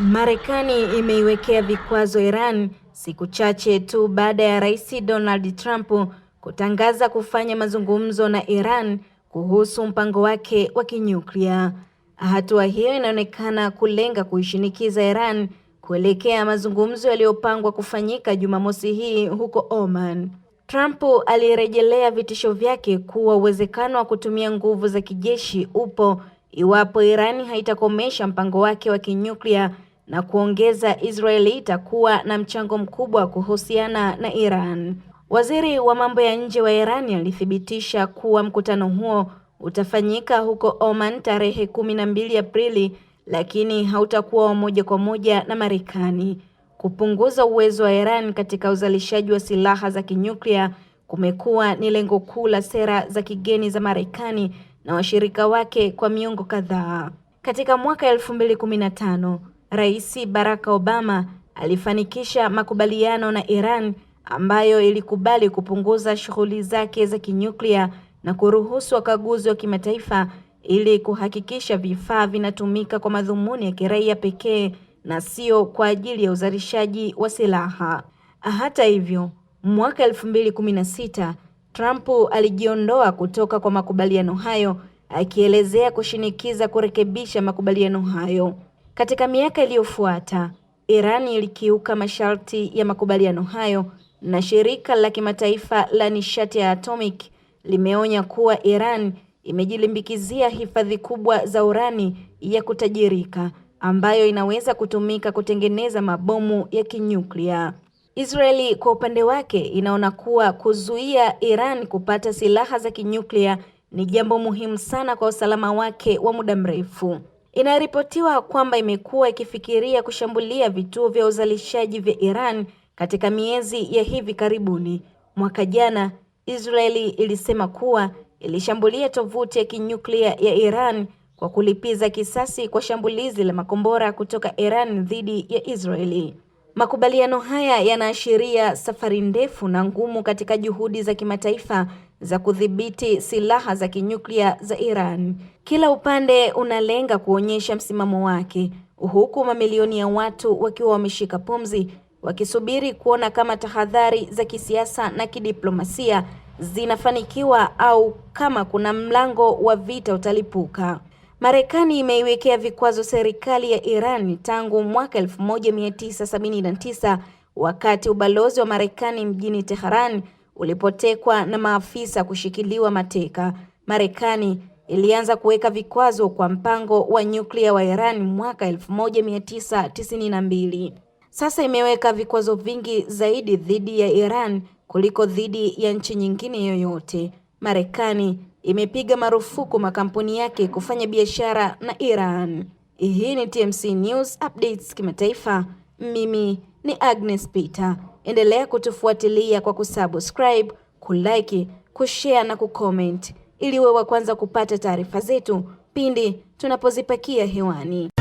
Marekani imeiwekea vikwazo Iran siku chache tu baada ya Rais Donald Trump kutangaza kufanya mazungumzo na Iran kuhusu mpango wake wa kinyuklia. Hatua hiyo inaonekana kulenga kuishinikiza Iran kuelekea mazungumzo yaliyopangwa kufanyika Jumamosi hii huko Oman. Trump alirejelea vitisho vyake kuwa uwezekano wa kutumia nguvu za kijeshi upo iwapo Iran haitakomesha mpango wake wa kinyuklia na kuongeza Israeli itakuwa na mchango mkubwa kuhusiana na Iran. Waziri wa mambo ya nje wa Iran alithibitisha kuwa mkutano huo utafanyika huko Oman tarehe kumi na mbili Aprili, lakini hautakuwa moja kwa moja na Marekani. Kupunguza uwezo wa Iran katika uzalishaji wa silaha za kinyuklia kumekuwa ni lengo kuu la sera za kigeni za Marekani na washirika wake kwa miongo kadhaa. Katika mwaka elfu mbili kumi na tano Rais Barack Obama alifanikisha makubaliano na Iran ambayo ilikubali kupunguza shughuli zake za kinyuklia na kuruhusu wakaguzi wa kimataifa ili kuhakikisha vifaa vinatumika kwa madhumuni ya kiraia pekee na sio kwa ajili ya uzalishaji wa silaha. Hata hivyo, mwaka 2016 Trump alijiondoa kutoka kwa makubaliano hayo akielezea kushinikiza kurekebisha makubaliano hayo. Katika miaka iliyofuata, Iran ilikiuka masharti ya makubaliano hayo na shirika la kimataifa la nishati ya atomic limeonya kuwa Iran imejilimbikizia hifadhi kubwa za urani ya kutajirika ambayo inaweza kutumika kutengeneza mabomu ya kinyuklia. Israeli kwa upande wake inaona kuwa kuzuia Iran kupata silaha za kinyuklia ni jambo muhimu sana kwa usalama wake wa muda mrefu inaripotiwa kwamba imekuwa ikifikiria kushambulia vituo vya uzalishaji vya Iran katika miezi ya hivi karibuni. Mwaka jana, Israeli ilisema kuwa ilishambulia tovuti ya kinyuklia ya Iran kwa kulipiza kisasi kwa shambulizi la makombora kutoka Iran dhidi ya Israeli. Makubaliano haya yanaashiria safari ndefu na ngumu katika juhudi za kimataifa za kudhibiti silaha za kinyuklia za Iran. Kila upande unalenga kuonyesha msimamo wake, huku mamilioni ya watu wakiwa wameshika pumzi wakisubiri kuona kama tahadhari za kisiasa na kidiplomasia zinafanikiwa au kama kuna mlango wa vita utalipuka. Marekani imeiwekea vikwazo serikali ya Iran tangu mwaka 1979 wakati ubalozi wa Marekani mjini Tehran ulipotekwa na maafisa kushikiliwa mateka, Marekani ilianza kuweka vikwazo kwa mpango wa nyuklia wa Iran mwaka 1992. Sasa imeweka vikwazo vingi zaidi dhidi ya Iran kuliko dhidi ya nchi nyingine yoyote. Marekani imepiga marufuku makampuni yake kufanya biashara na Iran. Hii ni TMC News Updates kimataifa. Mimi ni Agnes Peter. Endelea kutufuatilia kwa kusubscribe, kulike, kushare na kucomment ili wewe wa kwanza kupata taarifa zetu pindi tunapozipakia hewani.